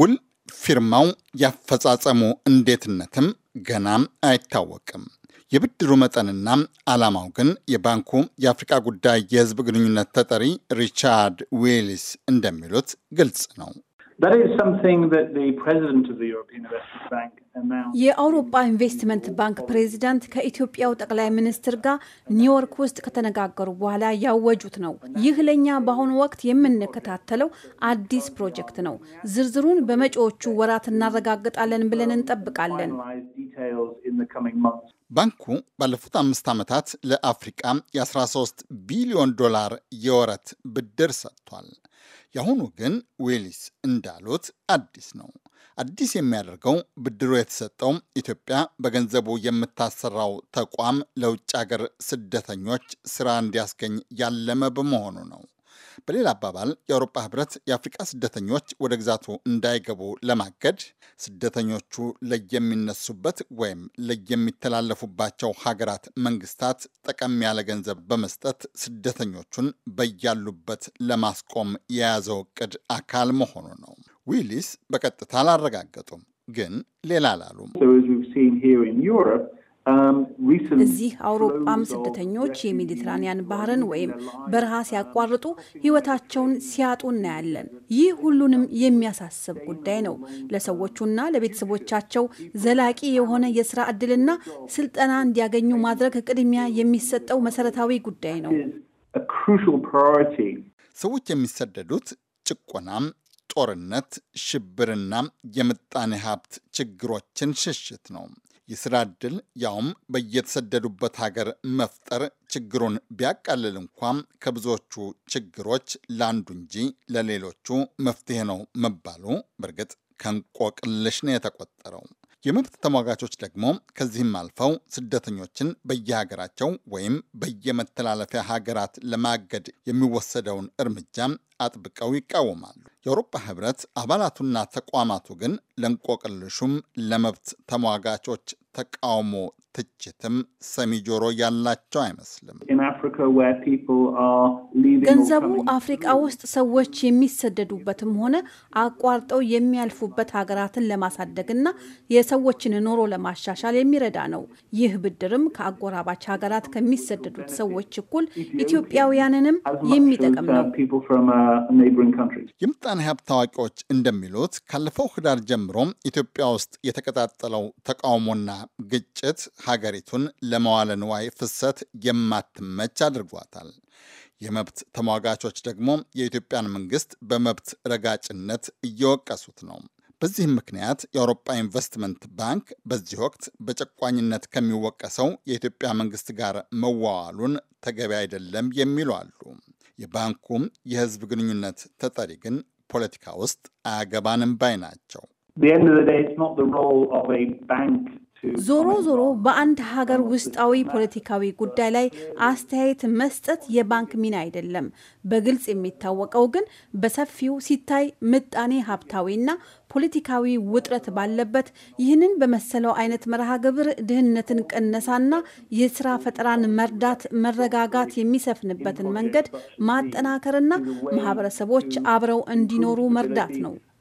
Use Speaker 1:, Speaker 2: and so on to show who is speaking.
Speaker 1: ውል ፊርማው ያፈጻጸሙ እንዴትነትም ገና አይታወቅም። የብድሩ መጠንና ዓላማው ግን የባንኩ የአፍሪካ ጉዳይ የህዝብ ግንኙነት ተጠሪ ሪቻርድ ዌልስ እንደሚሉት ግልጽ ነው።
Speaker 2: የአውሮፓ ኢንቨስትመንት ባንክ ፕሬዚዳንት ከኢትዮጵያው ጠቅላይ ሚኒስትር ጋር ኒውዮርክ ውስጥ ከተነጋገሩ በኋላ ያወጁት ነው። ይህ ለእኛ በአሁኑ ወቅት የምንከታተለው አዲስ ፕሮጀክት ነው። ዝርዝሩን በመጪዎቹ ወራት እናረጋግጣለን ብለን እንጠብቃለን።
Speaker 1: ባንኩ ባለፉት አምስት ዓመታት ለአፍሪቃ የ13 ቢሊዮን ዶላር የወረት ብድር ሰጥቷል። የአሁኑ ግን ዌሊስ እንዳሉት አዲስ ነው። አዲስ የሚያደርገው ብድሩ የተሰጠው ኢትዮጵያ በገንዘቡ የምታሰራው ተቋም ለውጭ አገር ስደተኞች ስራ እንዲያስገኝ ያለመ በመሆኑ ነው። በሌላ አባባል የአውሮፓ ህብረት የአፍሪቃ ስደተኞች ወደ ግዛቱ እንዳይገቡ ለማገድ ስደተኞቹ ለየሚነሱበት ወይም ለየሚተላለፉባቸው ሀገራት መንግስታት ጠቀም ያለ ገንዘብ በመስጠት ስደተኞቹን በያሉበት ለማስቆም የያዘው እቅድ አካል መሆኑ ነው። ዊሊስ በቀጥታ አላረጋገጡም፣ ግን ሌላ አላሉም። Um, እዚህ
Speaker 2: አውሮፓም ስደተኞች የሜዲትራኒያን ባህርን ወይም በረሃ ሲያቋርጡ ህይወታቸውን ሲያጡ እናያለን። ይህ ሁሉንም የሚያሳስብ ጉዳይ ነው። ለሰዎቹና ለቤተሰቦቻቸው ዘላቂ የሆነ የስራ እድልና ስልጠና እንዲያገኙ ማድረግ ቅድሚያ የሚሰጠው መሰረታዊ ጉዳይ ነው።
Speaker 1: ሰዎች የሚሰደዱት ጭቆናም፣ ጦርነት፣ ሽብርና የምጣኔ ሀብት ችግሮችን ሽሽት ነው። የስራ ዕድል ያውም በየተሰደዱበት ሀገር መፍጠር ችግሩን ቢያቃልል እንኳም ከብዙዎቹ ችግሮች ለአንዱ እንጂ ለሌሎቹ መፍትሄ ነው መባሉ በእርግጥ ከእንቆቅልሽ ነው የተቆጠረው። የመብት ተሟጋቾች ደግሞ ከዚህም አልፈው ስደተኞችን በየሀገራቸው ወይም በየመተላለፊያ ሀገራት ለማገድ የሚወሰደውን እርምጃ አጥብቀው ይቃወማሉ። የአውሮፓ ህብረት አባላቱና ተቋማቱ ግን ለእንቆቅልሹም ለመብት ተሟጋቾች ተቃውሞ ትችትም ሰሚ ጆሮ ያላቸው አይመስልም። ገንዘቡ
Speaker 2: አፍሪቃ ውስጥ ሰዎች የሚሰደዱበትም ሆነ አቋርጠው የሚያልፉበት ሀገራትን ለማሳደግና የሰዎችን ኑሮ ለማሻሻል የሚረዳ ነው። ይህ ብድርም ከአጎራባች ሀገራት ከሚሰደዱት ሰዎች እኩል ኢትዮጵያውያንንም
Speaker 1: የሚጠቅም uh, ነው። የምጣኔ uh, ሀብት ታዋቂዎች እንደሚሉት ካለፈው ህዳር ጀምሮም ኢትዮጵያ ውስጥ የተቀጣጠለው ተቃውሞና ግጭት ሀገሪቱን ለመዋለ ንዋይ ፍሰት የማትመች አድርጓታል። የመብት ተሟጋቾች ደግሞ የኢትዮጵያን መንግስት በመብት ረጋጭነት እየወቀሱት ነው። በዚህም ምክንያት የአውሮፓ ኢንቨስትመንት ባንክ በዚህ ወቅት በጨቋኝነት ከሚወቀሰው የኢትዮጵያ መንግስት ጋር መዋዋሉን ተገቢ አይደለም የሚሉ አሉ። የባንኩም የህዝብ ግንኙነት ተጠሪ ግን ፖለቲካ ውስጥ አያገባንም ባይ ናቸው። ዞሮ
Speaker 2: ዞሮ በአንድ ሀገር ውስጣዊ ፖለቲካዊ ጉዳይ ላይ አስተያየት መስጠት የባንክ ሚና አይደለም። በግልጽ የሚታወቀው ግን በሰፊው ሲታይ ምጣኔ ሀብታዊና ፖለቲካዊ ውጥረት ባለበት ይህንን በመሰለው አይነት መርሃ ግብር ድህነትን ቅነሳና የስራ ፈጠራን መርዳት፣ መረጋጋት የሚሰፍንበትን መንገድ ማጠናከርና ማህበረሰቦች አብረው እንዲኖሩ መርዳት ነው።